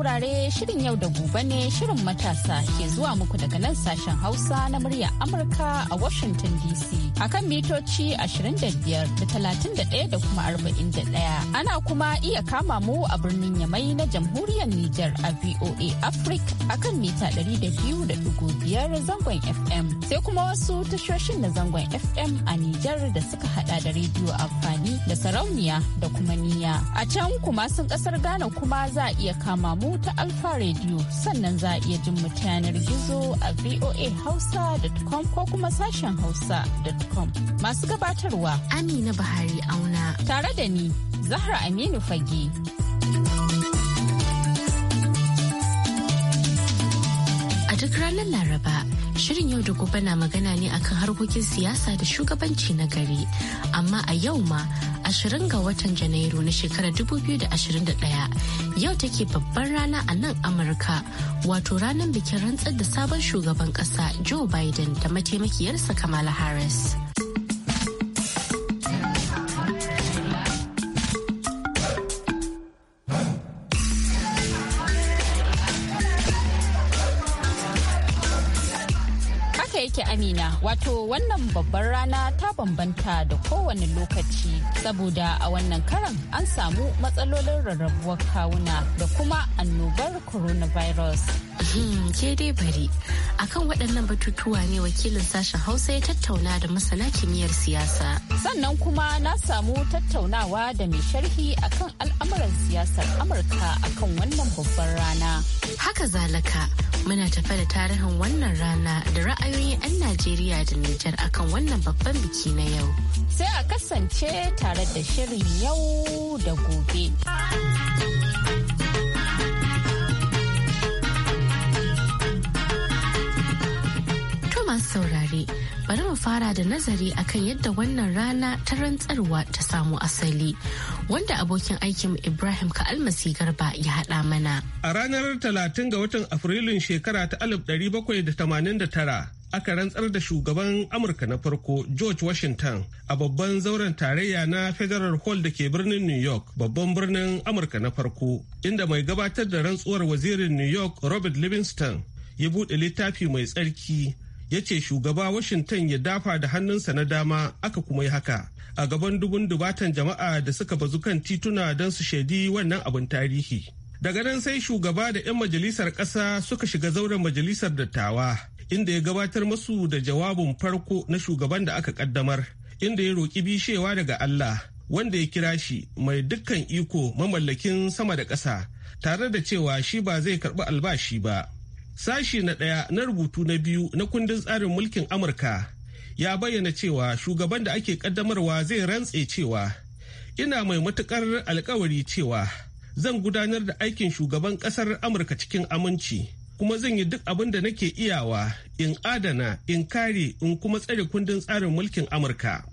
saurare shirin yau da gobe ne shirin matasa ke zuwa muku daga nan sashen Hausa na murya Amurka a Washington DC. a kan mitoci 25 da 31 da kuma 41. Ana kuma iya kama mu a birnin Yamai na jamhuriyar Nijar a VOA Africa a kan mita 200.5 zangon FM. Sai kuma wasu tashoshin na zangon FM a Nijar da suka hada da rediyo amfani da sarauniya da kuma niya. A can kuma sun kasar Ghana kuma za a iya kama mu ta Alfa rediyo sannan za a iya jin gizo a yanar gizo a voahausa.com ko kuma sashen hausa. masu gabatarwa Amina Buhari Auna. Tare da ni, Zahra Aminu Fage. A duk ranar Laraba, shirin yau da gobe na magana ne akan harkokin siyasa da shugabanci na gari. Amma a yau ma ashirin ga watan Janairu na shekarar 2021 yau take babban rana a nan Amurka wato ranar bikin rantsar da sabon shugaban kasa Joe Biden da mataimakiyarsa Kamala Harris. Amina wato wannan babbar rana ta bambanta da kowane lokaci saboda a wannan karan an samu matsalolin rarrabuwar kawuna da kuma annobar coronavirus. Hmm, ke dai bari akan waɗannan batutuwa ne wakilin sashen hausa ya tattauna da masana kimiyyar siyasa sannan kuma na samu tattaunawa da mai sharhi akan al'amuran siyasar amurka akan wannan babbar rana haka zalaka Muna tafe da tarihin wannan rana da ra'ayoyin 'yan Najeriya da Nijar akan wannan babban biki na yau. Sai a kasance tare da shirin yau da gobe. To masu saurare. bari mu fara da nazari akan yadda wannan rana ta rantsarwa ta samu asali wanda abokin aikin ibrahim ka almasi garba ya haɗa mana a ranar 30 ga watan afrilun shekara ta 1789 aka rantsar da shugaban amurka na farko george washington a babban zauren tarayya na federal hall da ke birnin new york babban birnin amurka na farko inda mai gabatar da rantsuwar wazirin new york robert livingston ya buɗe littafi mai tsarki ya ce shugaba washington ya dafa da hannunsa na dama aka kuma yi haka a gaban dubun dubatan jama'a da suka bazu kan tituna don su shaidi wannan abin tarihi daga nan sai shugaba da 'yan majalisar ƙasa suka shiga zauren majalisar dattawa inda ya gabatar masu da jawabin farko na shugaban da aka kaddamar inda ya roƙi bishewa daga allah wanda ya kira shi mai dukkan iko mamallakin sama da ƙasa tare da cewa shi ba zai karɓi albashi ba Sashi na ɗaya na rubutu na biyu na kundin tsarin mulkin Amurka ya bayyana cewa shugaban da ake ƙaddamarwa zai rantse cewa ina mai matukar alkawari cewa zan gudanar da aikin shugaban ƙasar Amurka cikin aminci kuma zan yi duk abin da nake iyawa in adana in kare in kuma tsare kundin tsarin mulkin Amurka.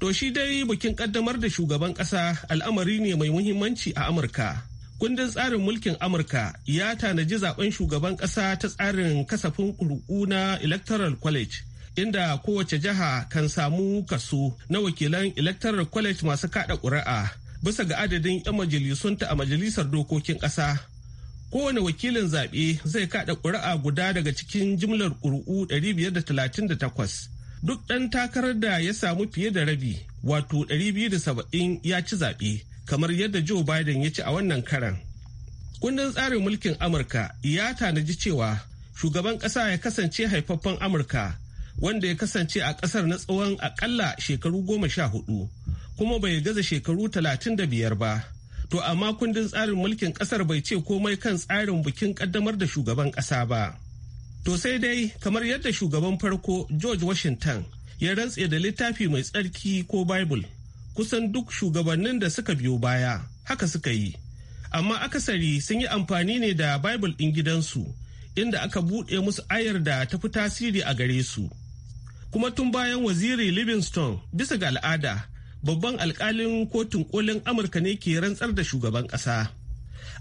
To shi dai bikin ƙaddamar da shugaban ƙasa al'amari ne mai muhimmanci a Amurka. Kundin tsarin mulkin Amurka ya tanaji zaben shugaban ƙasa ta tsarin kasafin ƙuri'u na Electoral College. Inda kowace jiha kan samu kaso na wakilan Electoral College masu kada ƙuri'a bisa ga adadin 'yan majalisunta a majalisar dokokin ƙasa. Kowane wakilin zaɓe zai kada ƙuri'a guda daga cikin jimlar ƙuri'u 538. Duk ɗan takarar da ya samu fiye da rabi, wato 270 ya ci zaɓe. kamar yadda Joe Biden ya ci a wannan karan. Kundin tsarin mulkin Amurka ya tanaji cewa shugaban ƙasa ya kasance haifaffen Amurka wanda ya kasance a ƙasar na tsawon aƙalla shekaru goma sha hudu kuma bai gaza shekaru talatin da biyar ba. To amma kundin tsarin mulkin ƙasar bai ce komai kan tsarin bikin ƙaddamar da shugaban ƙasa ba. To sai dai kamar yadda shugaban farko George Washington ya rantse da littafi mai tsarki ko Bible kusan duk shugabannin da suka biyo baya haka suka yi amma akasari sun yi amfani ne da bible ɗin gidansu inda aka buɗe musu ayar da ta fi tasiri a gare su kuma tun bayan waziri livingston bisa ga al'ada babban alkalin kotun kolin amurka ne ke rantsar da shugaban ƙasa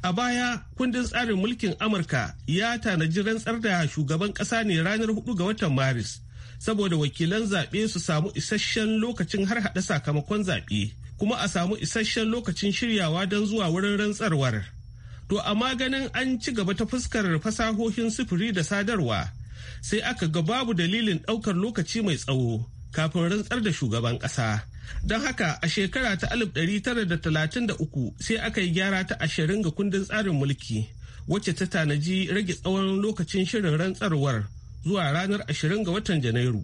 a baya kundin tsarin mulkin amurka ya tanaji rantsar da shugaban ƙasa ne ranar 4 ga watan maris saboda wakilan zaɓe su samu isasshen lokacin har haɗa sakamakon zaɓe kuma a samu isasshen lokacin shiryawa don zuwa wurin rantsarwar. To amma ganin an ci gaba ta fuskar fasahohin sufuri da sadarwa sai aka ga babu dalilin ɗaukar lokaci mai tsawo kafin rantsar da shugaban ƙasa. Don haka a shekara ta 1933 sai aka yi gyara ta ashirin ga kundin tsarin mulki wacce ta tanaji rage tsawon lokacin shirin rantsarwar zuwa ranar 20 ga watan Janairu.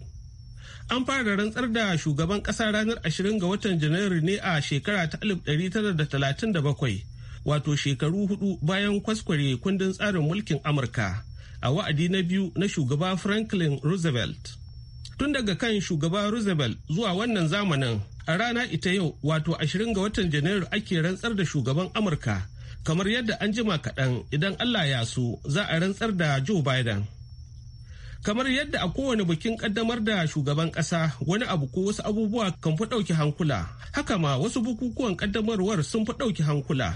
An fara rantsar da shugaban ƙasa ranar 20 ga watan Janairu ne a shekara ta 1937 wato shekaru hudu bayan kwaskware kundin tsarin mulkin Amurka a wa'adi na biyu na shugaba Franklin Roosevelt. Tun daga kan shugaba Roosevelt zuwa wannan zamanin a rana ita yau wato 20 ga watan Janairu ake rantsar da shugaban Amurka kamar yadda an jima kaɗan idan Allah ya so za a rantsar da Joe Biden. kamar yadda a kowane bikin kaddamar da shugaban kasa wani abu ko wasu abubuwa kan fi ɗauki hankula haka ma wasu bukukuwan kaddamarwar sun fi ɗauki hankula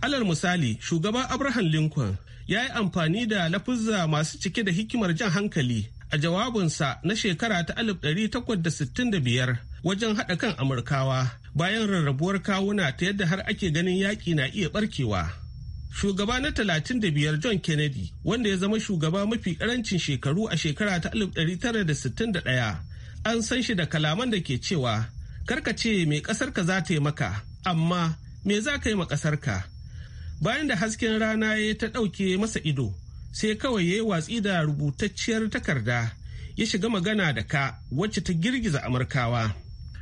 alal misali Shugaban abraham lincoln ya yi amfani da lafuzza masu cike da hikimar jan hankali a jawabinsa na shekara ta 1865 wajen haɗa kan amurkawa bayan rarrabuwar kawuna ta yadda har ake ganin yaƙi na iya ɓarkewa. Shugaba na 35 John Kennedy wanda ya zama shugaba mafi karancin shekaru a shekara ta 1961 an san shi da kalaman da ke cewa karkace mai ƙasarka za ta yi maka amma me za ka yi ma ƙasarka. Bayan da hasken rana ya ta ɗauke masa ido sai kawai ya yi watsi da rubutacciyar takarda ya shiga magana da ka wacce ta girgiza Amurkawa.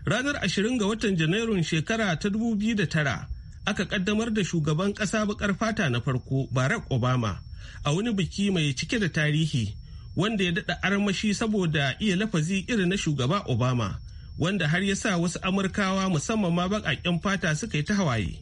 Ranar 20 ga watan Janairun shekara ta 2009 aka kaddamar da shugaban kasa baƙar fata na farko barack obama a wani biki mai cike da tarihi wanda ya daɗa armashi saboda iya lafazi irin na shugaba obama wanda har ya sa wasu amurkawa musamman ma baƙaƙen fata suka yi ta hawaye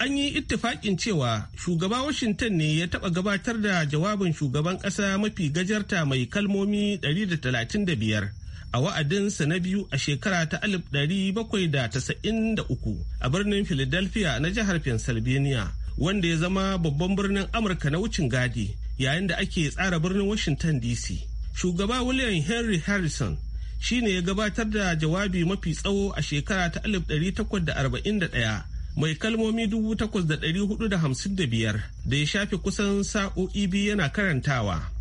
an yi ittifaƙin cewa shugaba washington ne ya taɓa gabatar da jawabin shugaban kasa mafi gajarta mai kalmomi 135 a wa'adinsa na biyu a shekara ta 1793 a birnin Philadelphia na jihar Pennsylvania wanda ya zama babban birnin Amurka na wucin gadi yayin da ake tsara birnin Washington DC. Shugaba William Henry Harrison shi ne ya gabatar da jawabi mafi tsawo a shekara ta 1841 mai kalmomi 8,455 da ya shafe kusan sa'o'i biyu yana karantawa.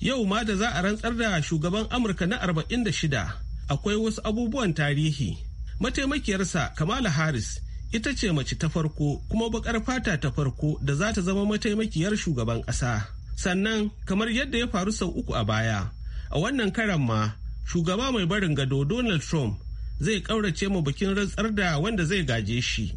yau ma da za a rantsar da shugaban amurka na 46 akwai wasu abubuwan tarihi mataimakiyarsa kamala harris ita ce mace ta farko kuma bakar fata ta farko da za ta zama mataimakiyar shugaban ƙasa sannan kamar yadda ya faru sau uku a baya a wannan karan ma shugaba mai barin gado donald trump zai ƙaurace ma bikin rantsar da wanda zai gaje shi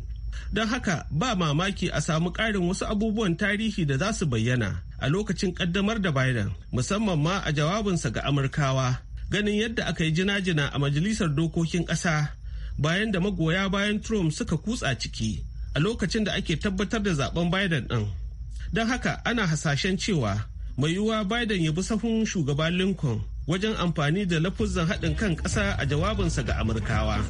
Don haka ba mamaki a samu ƙarin wasu abubuwan tarihi da za su bayyana a lokacin ƙaddamar da Biden musamman ma a jawabinsa ga Amurkawa ganin yadda aka yi jina-jina a majalisar dokokin ƙasa bayan da magoya bayan Trump suka kutsa ciki a lokacin da ake tabbatar da zaben Biden ɗin. Don haka ana hasashen cewa mai yiwuwa Biden ya bi sahun shugaban Lincoln wajen amfani da lafuzan haɗin kan ƙasa a jawabinsa ga Amurkawa.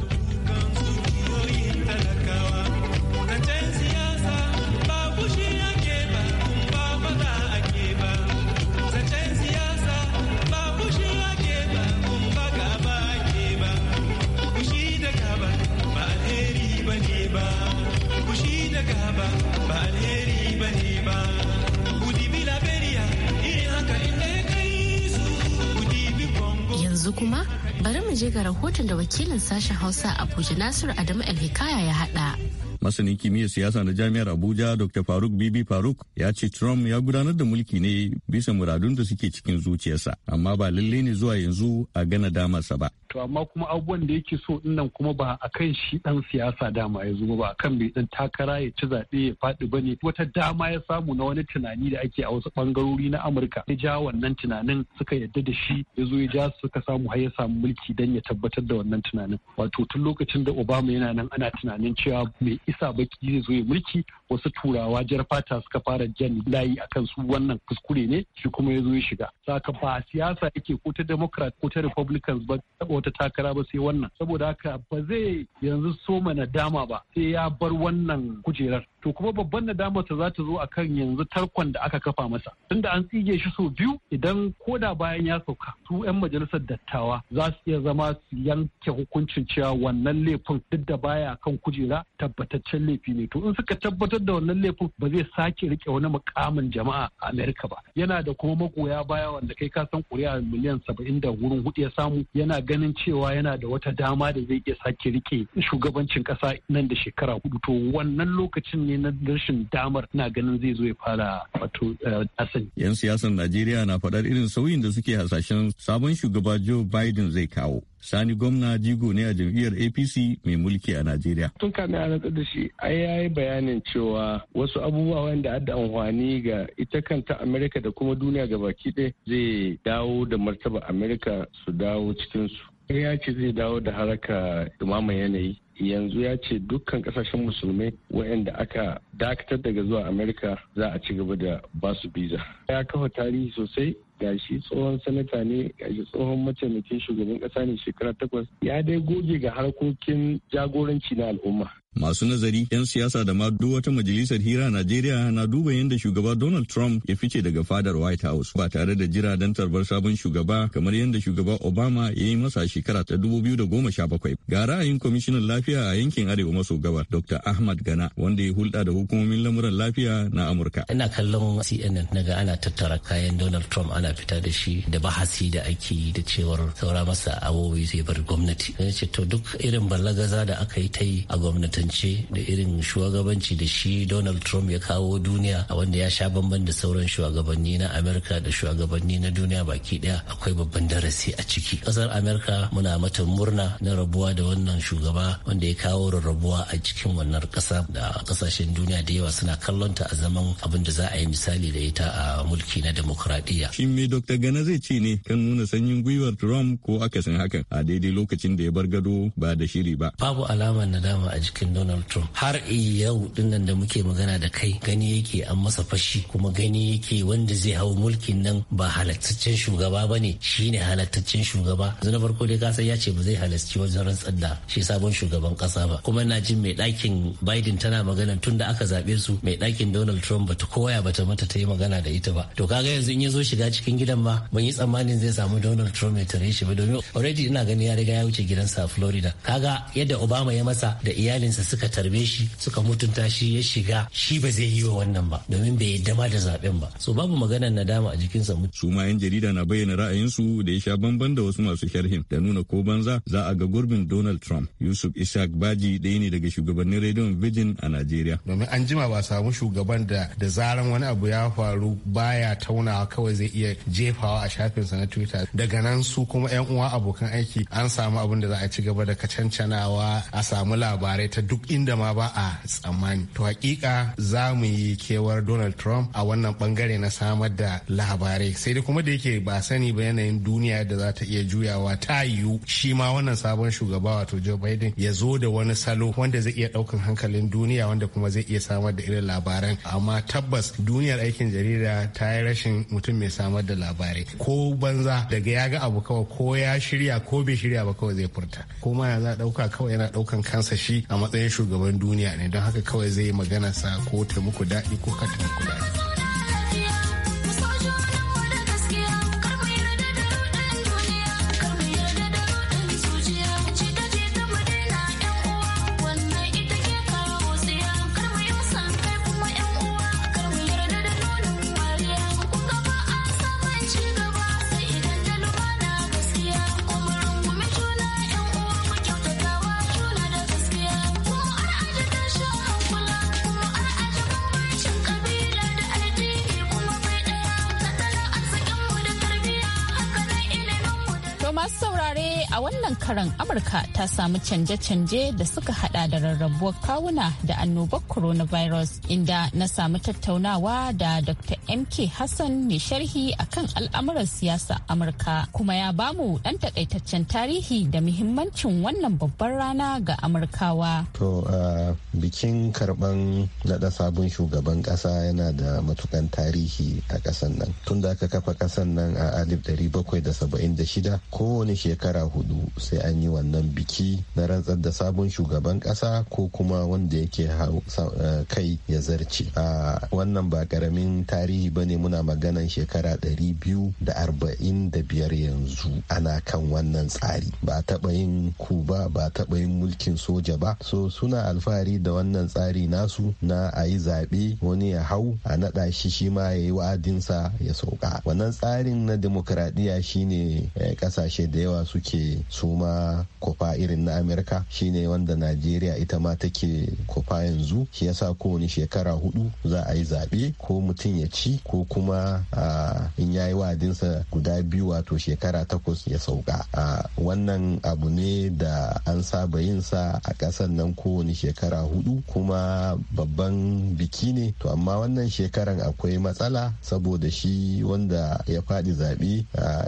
yanzu kuma bari mu je ga rahoton da wakilin sashen Hausa Abuja Nasiru Adamu Alhikaya ya haɗa. masanin kimiyyar siyasa na jami'ar abuja dr faruk bibi faruk ya ce trump ya gudanar da mulki ne bisa muradun da suke cikin zuciyarsa amma ba lalle ne zuwa yanzu a gana damarsa ba to amma kuma abubuwan da yake so nan kuma ba a kan shi dan siyasa dama ya zuba ba a kan mai dan takara ya ci zaɓe ya faɗi ba ne wata dama ya samu na wani tunani da ake a wasu ɓangarori na amurka ya ja wannan tunanin suka yadda da shi ya zo ya ja suka samu har ya samu mulki dan ya tabbatar da wannan tunanin wato tun lokacin da obama yana nan ana tunanin cewa mai isa baki zai zo ya mulki wasu turawa jar fata suka fara jan layi akan su wannan kuskure ne shi kuma ya zo ya shiga saka ba siyasa yake ko ta democrat ko ta republicans ba taba wata takara ba sai wannan saboda haka ba zai yanzu so mana dama ba sai ya bar wannan kujerar to kuma babban nadamar ta za ta zo akan yanzu tarkon da aka kafa masa tunda an tsige shi sau biyu idan ko da bayan ya sauka su 'yan majalisar dattawa za su iya zama su yanke hukuncin cewa wannan laifin duk da baya kan kujera tabbataccen laifi ne to in suka tabbatar da wannan laifin ba zai sake rike wani mukamin jama'a a Amerika ba yana da kuma magoya baya wanda kai ka san kuri'a miliyan saba'in da wurin hudu ya samu yana ganin cewa yana da wata dama da zai iya sake rike shugabancin kasa nan da shekara hudu to wannan lokacin ne na rashin damar na ganin zai zo ya fara wato eh, asali. Yan siyasar Najeriya na faɗar irin sauyin da suke hasashen sabon shugaba Joe Biden zai kawo. Sani gwamna jigo ne a jam'iyyar APC mai mulki a Najeriya. Tun kame a rantsar da shi ai ya yi bayanin cewa wasu abubuwa wanda adda amfani ga ita kanta Amerika da kuma duniya ga baki ɗaya zai dawo da martaba Amerika su dawo cikinsu. ya ce zai dawo da haraka dumaman yanayi yanzu ya ce dukkan kasashen musulmai waɗanda aka dakatar daga zuwa amerika za a ci gaba da basu biza ya kafa tarihi sosai ga shi tsohon sanata ne gashi tsohon mataimakin shugaban kasa ne shekara takwas ya dai goge ga harkokin jagoranci na al'umma Masu nazari, 'yan siyasa da ma duk wata majalisar hira a Najeriya na duba yadda shugaba Donald Trump ya fice daga fadar White House ba tare da jira don tarbar sabon shugaba kamar yadda shugaba Obama ya yi masa shekara ta da goma sha 2017. Ga ra'ayin kwamishinan lafiya a yankin Arewa maso gabar Dr. Ahmad Gana wanda ya hulɗa da hukumomin lamuran lafiya na Amurka. Ina kallon CNN ga ana tattara kayan Donald Trump ana fita da shi da bahasi da ake yi da cewar saura masa abubuwa zai bar gwamnati. ce to duk irin balagaza da aka yi ta yi a gwamnati gwamnatance da irin shugabanci da shi donald trump ya kawo duniya a wanda ya sha bamban da sauran shugabanni na amerika da shugabanni na duniya baki daya akwai babban darasi a ciki kasar amerika muna mata murna na rabuwa da wannan shugaba wanda ya kawo rabuwa a cikin wannan kasa da kasashen duniya da yawa suna kallon ta a zaman abin da za a yi misali da ita a mulki na demokradiyya shin me dr gana zai ce ne kan nuna sanyin gwiwar trump ko akasin hakan a daidai lokacin da ya bar gado ba da shiri ba babu alamar nadama a jikin mulkin donald trump har yau dinnan da muke magana da kai gani yake an masa fashi kuma gani yake wanda zai hau mulkin nan ba halattaccen shugaba ba ne shine halattaccen shugaba yanzu na farko dai kasan ya ce ba zai halarci wajen rantsar da shi sabon shugaban kasa ba kuma na jin mai ɗakin biden tana magana tun da aka zaɓe su mai ɗakin donald trump bata koya bata mata ta yi magana da ita ba to kaga yanzu in ya zo shiga cikin gidan ma ban yi tsammanin zai samu donald trump ya tare shi ba domin already ina gani ya riga ya wuce gidansa a florida kaga yadda obama ya masa da iyalinsa sa suka tarbe shi suka mutunta shi ya shiga shi ba zai yi wa wannan ba domin bai yadda ma da zaben ba so babu maganar nadama a jikinsa su ma yan jarida na bayyana ra'ayinsu da ya sha bamban da wasu masu sharhin da nuna ko banza za a ga gurbin Donald Trump Yusuf Ishak Baji ɗaya ne daga shugabannin rediyon Virgin a nigeria. domin an jima ba samu shugaban da da zaran wani abu ya faru baya taunawa kawai zai iya jefawa a shafinsa na Twitter daga nan su kuma yan uwa abokan aiki an samu abin da za a ci gaba da kacancanawa a samu labarai ta duk inda ma ba a tsammani to hakika za mu yi kewar donald trump a wannan bangare na samar da labarai sai dai kuma da yake ba sani ba yanayin duniya da za ta iya juyawa ta yiwu shi ma wannan sabon shugaba wato joe biden ya zo da wani salo wanda zai iya daukan hankalin duniya wanda kuma zai iya samar da irin labaran amma tabbas duniyar aikin jarida ta yi rashin mutum mai samar da labarai ko banza daga ya ga abu kawai ko ya shirya ko bai shirya ba kawai zai furta ko ma ya za dauka kawai yana daukan kansa shi a matsayin matsayin shugaban duniya ne don haka kawai zai yi sa ko ta muku daɗi ko ka ta muku daɗi a wannan karan Amurka ta samu canje-canje da suka hada da rarrabuwar kawuna da annobar coronavirus inda na samu tattaunawa da Dr. MK Hassan mai sharhi a kan al'amuran siyasa Amurka kuma ya bamu dan takaitaccen tarihi da muhimmancin wannan babbar rana ga Amurkawa. To uh, bikin karban nada sabon shugaban ƙasa yana da matukan tarihi a ƙasan nan. Tun da aka kafa ƙasan nan a 1776 kowane shekara hudu sai sai an yi wannan biki na rantsar da sabon shugaban kasa ko kuma wanda yake eh, kai ya zarce A wannan ba karamin tarihi ba ne muna maganan shekara 245 yanzu ana kan wannan tsari ba taɓa yin ku ba ba taɓa yin mulkin soja ba so suna alfahari da wannan tsari nasu na a yi zaɓe wani ya hau a naɗa shi shi ma ya yi wa'adinsa ya sauka wannan tsarin na demokradiyya shine eh, ƙasashe da yawa suke suma kuma kofa irin na amerika shine wanda najeriya ita ma take kofa yanzu shi yasa kowane shekara hudu za a yi zaɓe ko mutum ya ci ko kuma in ya yi wa'adinsa guda biyu wato shekara takwas ya sauka wannan abu ne da an saba yin sa a ƙasan nan kowane shekara hudu kuma babban biki ne to amma wannan shekaran akwai matsala saboda shi wanda ya faɗi zaɓe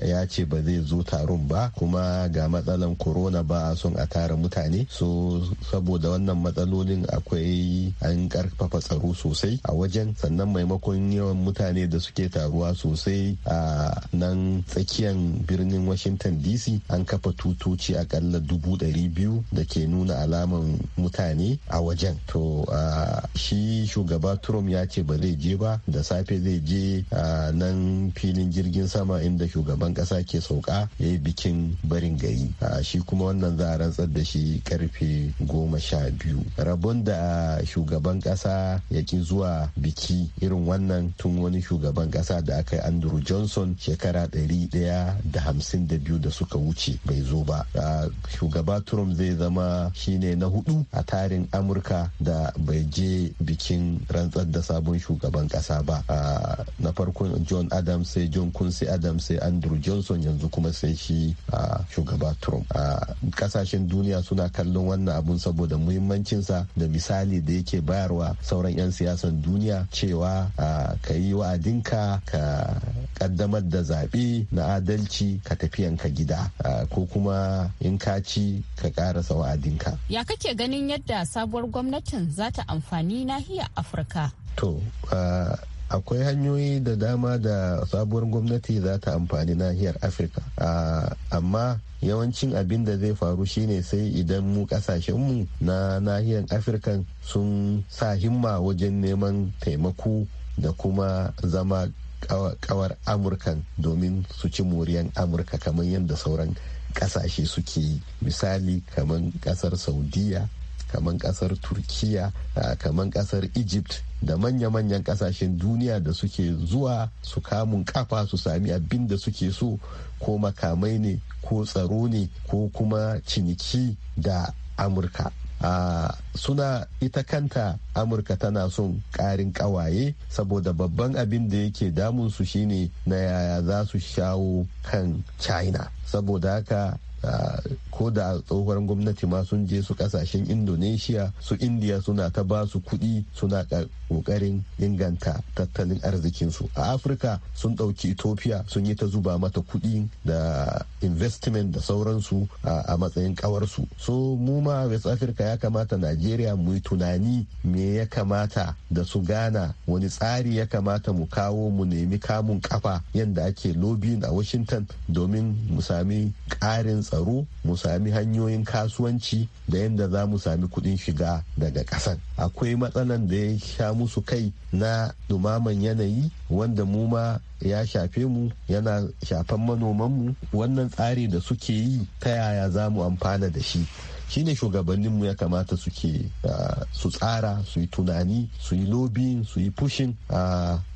ya ce ba zai zo taron ba kuma ga matsalan wannan corona ba son a tara mutane so saboda wannan matsalolin akwai an karfafa tsaro sosai a wajen sannan maimakon yawan mutane da suke taruwa sosai a nan tsakiyan birnin washington dc an kafa tutoci akalla dubu ɗari biyu da ke nuna alaman mutane a wajen to shi shugaba trump ya ce ba zai je ba da safe zai je a nan filin jirgin sama inda shugaban ƙasa ke sauka ya yi bikin barin gari a shi kuma wannan za a rantsar da shi karfe goma sha biyu rabon da shugaban kasa ya ki zuwa biki irin wannan tun wani shugaban kasa da aka yi andrew johnson shekara ɗari ɗaya da hamsin da biyu da suka wuce bai zo ba shugaba trump zai zama shine na hudu a tarin amurka da bai je bikin rantsar da sabon shugaban kasa ba na farko john adams sai john kunsi adams sai andrew johnson yanzu kuma sai shi shugaba trump a kasashen duniya suna kallon wannan abun saboda muhimmancinsa da misali da yake bayarwa sauran 'yan siyasan duniya cewa ka yi wa'adinka ka kaddamar da zaɓe na adalci ka tafiyanka gida ko kuma in ka ci ka karasa wa'adinka ya kake ganin yadda sabuwar gwamnatin za ta amfani nahiyar afirka to akwai hanyoyi da dama da sabuwar gwamnati za ta amfani nahiyar afirka amma yawancin abin da zai faru shine sai idan mu kasashenmu na nahiyar afirka sun sa himma wajen neman taimako da kuma zama kawar amurkan domin su ci moriyan amurka kamar yadda sauran kasashe suke yi misali kamar kasar saudiya kamar kasar turkiya kamar kasar egypt da manya-manyan kasashen duniya da suke zuwa su kamun kafa su sami abin da suke so ko makamai ne ko tsaro ne ko kuma ciniki da amurka Uh, suna ita kanta amurka tana son karin kawaye saboda babban abin da yake damunsu shine na yaya za su shawo kan china saboda haka Uh, ko da tsohuwar gwamnati ma sun je su kasashen indonesia su indiya suna ta ba su kuɗi suna ƙoƙarin inganta tattalin arzikinsu a afirka sun ɗauki ethiopia sun yi ta zuba mata kuɗi da investment da sauransu uh, a matsayin ƙawarsu so mu ma west africa ya kamata nigeria mu yi tunani me ya kamata da su gana wani tsari ya kamata mu kawo mu nemi kamun kafa yadda ake lobin a washington domin mu sami ƙarin tsaro mu sami hanyoyin kasuwanci da yadda za mu sami kuɗin shiga daga ƙasan akwai matsalan da ya sha musu kai na dumaman yanayi wanda mu ma ya shafe mu yana shafan manomanmu wannan tsari da suke yi ta yaya za mu amfana da shi shi shine shugabanninmu ya kamata suke su tsara su yi tunani su yi lobin su yi pushin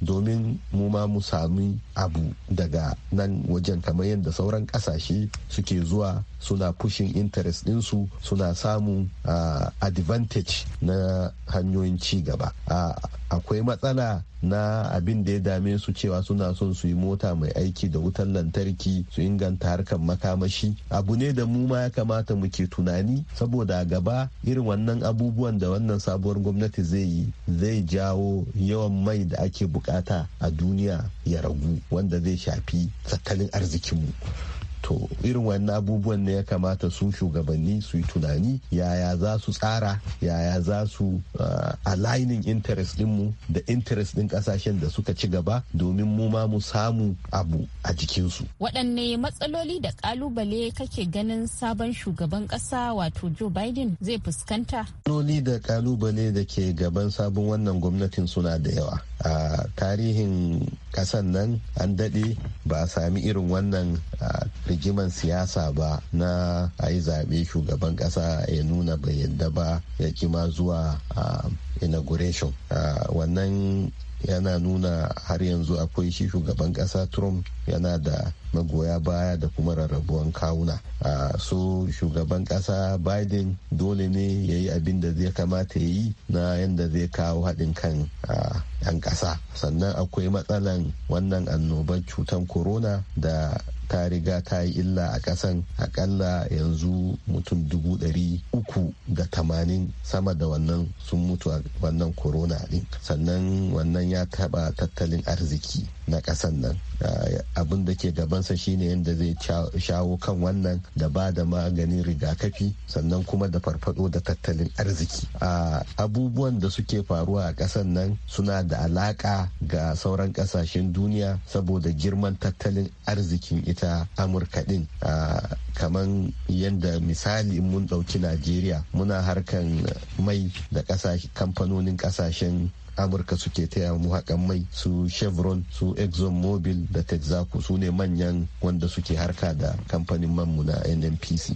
domin mu ma mu sami abu daga nan wajen kamar yadda sauran kasashe suke zuwa suna pushing interest ɗinsu suna samun uh, advantage na hanyoyin ci gaba uh, akwai matsala na abin da ya dame su cewa suna son su yi mota mai aiki da wutar lantarki su inganta harkar makamashi abu ne da mu ma ya kamata muke tunani saboda gaba irin wannan abubuwan da wannan sabuwar gwamnati zai yi zai jawo yawan mai da ake bukata a duniya ya ragu wanda zai shafi tattalin arzikinmu to irin wannan abubuwan ne ya kamata su shugabanni su yi tunani yaya za su tsara yaya za su ah, aligning interest dinmu da interest din kasashen da suka ci gaba domin mu ma mu samu abu a jikinsu waɗanne matsaloli da kalubale kake ganin sabon shugaban ƙasa wato joe biden zai fuskanta matsaloli da kalubale da ke gaban sabon wannan gwamnatin suna da yawa a tarihin ƙasan nan an daɗe ba a sami irin wannan ah, rigiman siyasa ba na a yi zaɓe shugaban ƙasa ya nuna bai yadda ba ya kima zuwa inauguration wannan yana nuna har yanzu akwai shi shugaban ƙasa trump yana da magoya baya da kuma rarrabuwan kawuna a so shugaban kasa biden dole ne ya yi abin da zai kamata ya yi na yadda zai kawo haɗin kan 'yan ƙasa sannan akwai matsalan wannan annobar cutar corona da ta riga ta yi illa a ƙasan akalla yanzu mutum dubu ɗari uku da tamanin sama da wannan sun mutu a wannan corona ɗin sannan wannan ya taɓa tattalin arziki na ƙasan nan abin da ke gaban kansa shine yadda zai shawo kan wannan da ba da maganin rigakafi sannan kuma da farfado da tattalin arziki a abubuwan da suke faruwa a ƙasan nan suna da alaka ga sauran ƙasashen duniya saboda girman tattalin arzikin ita amurka din kamar yadda misali mun ɗauki najeriya muna harkan mai da kamfanonin ƙasashen amurka suke taya mu haƙan mai su chevron su exxon mobil da texaco su ne manyan wanda suke harka da kamfanin manmu na nnpc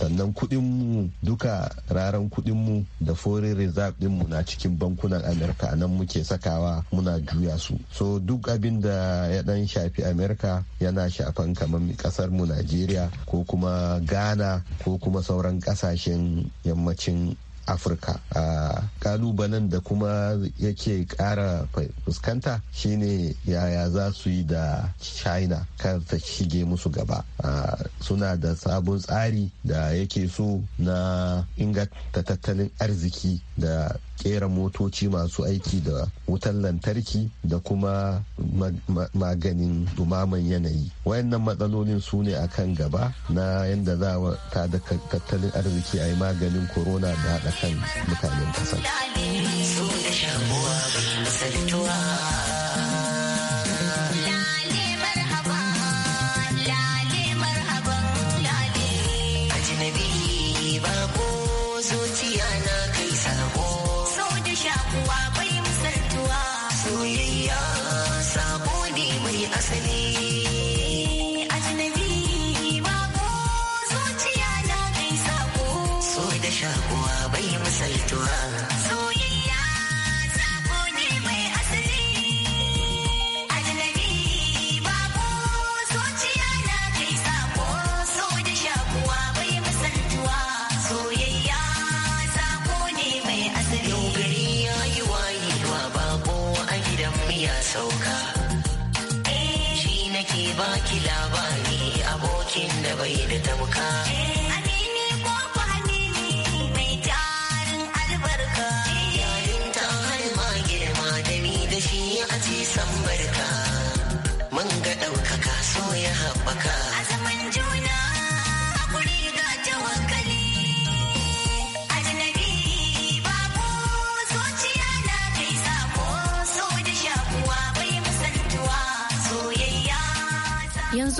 sannan kudinmu duka raran kudinmu da foreign reserve dinmu na cikin bankunan amerika nan muke sakawa muna juya su so duk abin da ya dan shafi amerika yana shafan kamar kasar mu najeriya ko kuma ghana ko kuma sauran kasashen yammacin afirka a kalubalen da kuma yake kara fuskanta shine yaya za su yi da china kar ta shige musu gaba suna da sabon tsari da yake so na inganta tattalin arziki da kera motoci masu aiki da wutan lantarki da kuma maganin dumaman yanayi wayannan matsalolin su ne a kan gaba na yadda za a ta tattalin arziki a yi maganin corona da haɗa kan mutanen ƙasar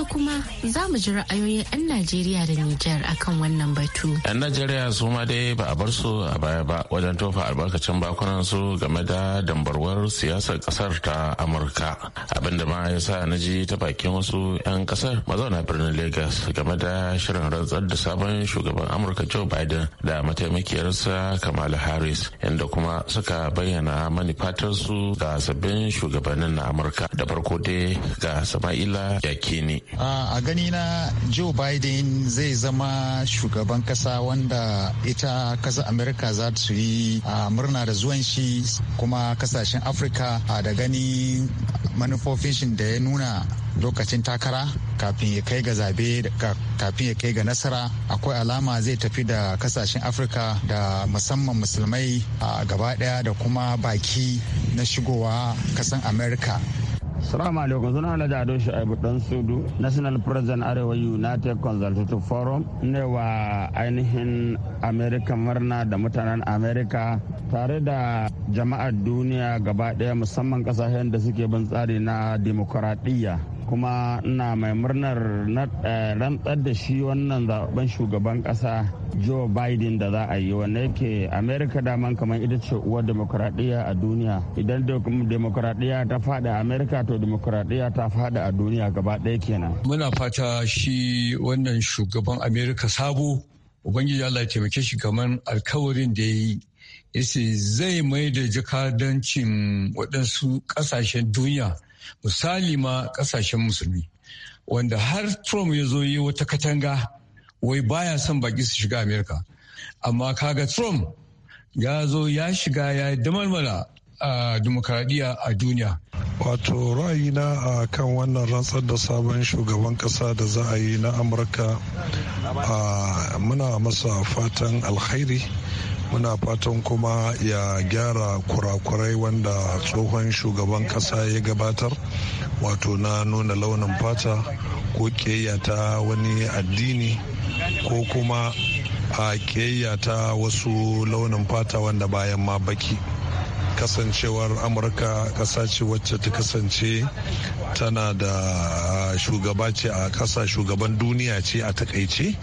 yanzu kuma za mu ji ra'ayoyin 'yan Najeriya da Nijar akan wannan batu. 'Yan Najeriya su ma dai ba a bar su a baya ba wajen tofa albarkacin bakunan su game da dambarwar siyasar kasar ta Amurka. Abin da ma ya sa na ji ta bakin wasu 'yan kasar mazauna birnin Legas game da shirin rantsar da sabon shugaban Amurka Joe Biden da mataimakiyarsa Kamala Harris inda kuma suka bayyana manufatarsu ga sabbin shugabannin na Amurka da farko dai ga Sama'ila Yakini a gani na joe biden zai zama shugaban kasa wanda ita kasa america za su yi murna da zuwan shi kuma kasashen afirka a da gani manufofin shi da ya nuna lokacin takara kafin ya kai ga zabe kafin ya kai ga nasara akwai alama zai tafi da kasashen afirka da musamman musulmai a gaba daya da kuma baki na shigowa kasan america Salamu alaikum suna na da Ado Shu'aibu Dan Sudu National President Arewa United Consultative Forum ne wa ainihin amerika murna da mutanen amerika tare da jama'ar duniya gaba daya musamman kasashen da suke bin tsari na demokuraɗiyya. kuma na mai murnar eh, rantsar da shi wannan zaben shugaban kasa joe biden da za a yi wanda yake amerika daman kamar ita ce uwar demokuraɗiyya a duniya idan demokuraɗiyya ta faɗa amerika to demokuraɗiyya ta faɗi a duniya gaba ɗaya kenan muna fata shi wannan shugaban amerika sabo ubangiji allah ya taimake shi kamar alkawarin da ya yi yace zai mai da jakadancin waɗansu ƙasashen duniya misali ma kasashen musulmi wanda har trump ya zo yi wata katanga wai baya son baki su shiga amerika amma kaga trump ya zo ya shiga ya damalmala a demokaradiyya a duniya wato ra'ayina a kan wannan rantsar da sabon shugaban kasa da za a yi na amurka muna masa fatan alkhairi muna fatan kuma ya gyara kurakurai wanda tsohon shugaban kasa ya gabatar wato na nuna launin fata ko ta wani addini ko kuma a ta wasu launin fata wanda bayan ma baki kasancewar amurka kasa ce wacce ta kasance tana da shugaba ce a kasa shugaban duniya ce a takaice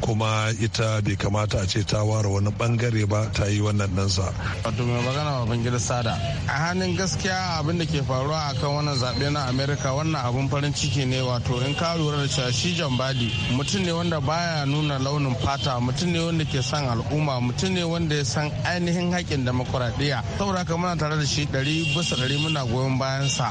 kuma ita bai kamata a ce ta ware wani bangare ba ta yi wannan ɗansa. wato mai magana wa bangida sada a hannun gaskiya abin da ke faruwa akan wannan zaɓe na amerika wannan abin farin ciki ne wato in ka lura da cewa shi badi mutum ne wanda baya nuna launin fata mutum ne wanda ke son al'umma mutum ne wanda ya san ainihin haƙƙin demokuraɗiyya saboda haka muna tare da shi ɗari bisa ɗari muna goyon bayansa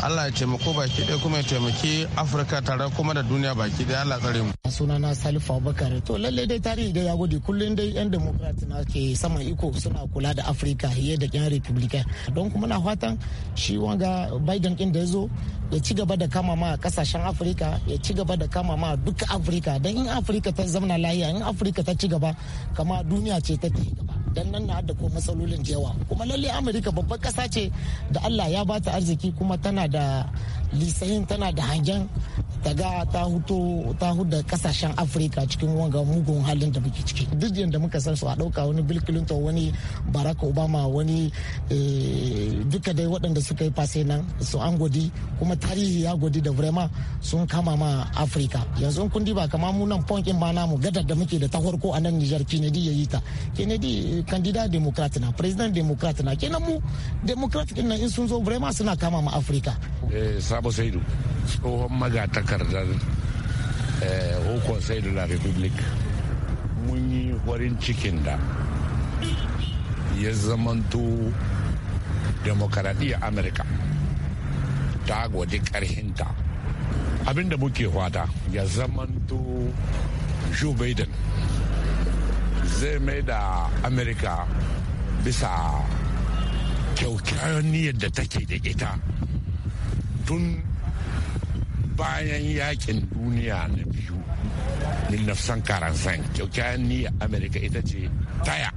Allah ya taimako baki ɗaya kuma ya taimaki Afirka tare kuma da duniya baki ɗaya Allah tsare mu. na Salifu Abubakar to lallai dai tarihi da ya gode kullum dai yan demokrat na ke saman iko suna kula da Afirka fiye da yan Republican don kuma na fatan shi wanga Biden ɗin da ya zo ya ci gaba da kama ma kasashen Afirka ya ci gaba da kama ma duka Afirka don in Afirka ta zamana lahiya in Afirka ta ci gaba kama duniya ce ta ci gaba. dan nan na da ko matsalolin jewa kuma lalle amurka babbar kasa ce da allah ya bata arziki kuma tana da lisayin tana da hangen ta ga ta huto ta huda kasashen afirka cikin wanga mugun halin da muke ciki duk yadda muka san su a ɗauka wani bill clinton wani barack obama wani eh, duka dai waɗanda suka yi fase nan su an gwadi kuma tarihi ya gwadi da vrema sun kama ma afirka yanzu kun diba kama mu nan ponkin ba namu gadar da muke da ta farko a nan nijar kennedy ya yi ta kennedy kandida eh, democrat na president democrat na kenan mu democrat din nan in sun zo vrema suna kama ma afirka eh, sabo saidu tsohon magatak takardar au conseil de la republique mun yi farin cikin da ya zamanto demokaradiyyar amurka ta gwaji karhinta abinda muke fata ya zamanto joe biden zai mai da amurka bisa kyaukyawar niyyar da take da ita tun bayan yakin duniya na biyu 1945 ni a amerika ita ce taya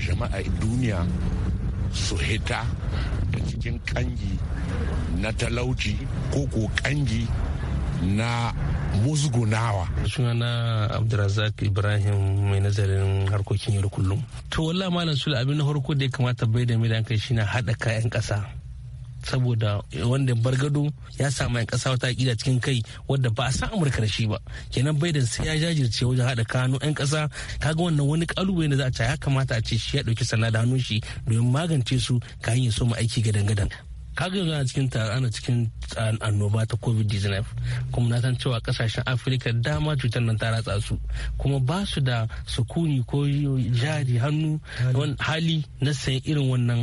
jama'a duniya su hita da cikin kangi na talauci ko ko kangi na musgunawa. na abdulrazak ibrahim mai nazarin harkokin yau da kullum to wallah malam sula abin na farko da ya kamata bai da mai da shi shine haɗa kayan ƙasa saboda wanda bar gado ya samu yan kasa wata kila cikin kai wadda ba a san amurka da shi ba kenan biden sai ya jajirce wajen haɗa kano yan kasa kaga wannan wani kalubale da za a ce ya kamata a ce shi ya ɗauki sana da hannun shi domin magance su kayan so soma aiki gadan gadan kaga yanzu ana cikin ana cikin annoba ta covid-19 kuma na san cewa kasashen afirka dama cutar nan ta ratsa su kuma ba su da sukuni ko jari hannu hali na sayan irin wannan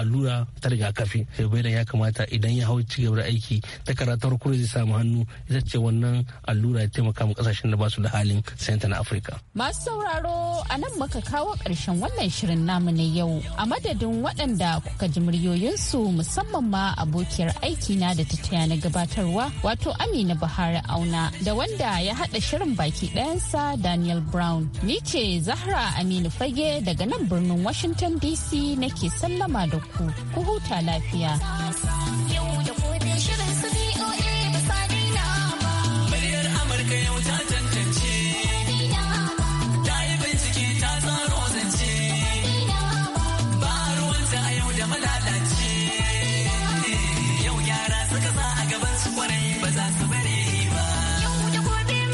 allura ta rigakafi sai bai ya kamata idan ya hau cigaba da aiki ta karatar kuro zai samu hannu ita ce wannan allura ya taimaka ma kasashen da ba su da halin sayan ta na afirka masu sauraro a nan muka kawo ƙarshen wannan shirin namu na yau a madadin waɗanda kuka ji muryoyinsu musamman musamman ma abokiyar aikina da ta taya na gabatarwa wato Amina Buhari Auna da wanda ya hada shirin baki ɗayansa Daniel Brown. Ni ce Zahra Aminu Fage daga nan birnin Washington DC nake sallama da ku, ku huta lafiya.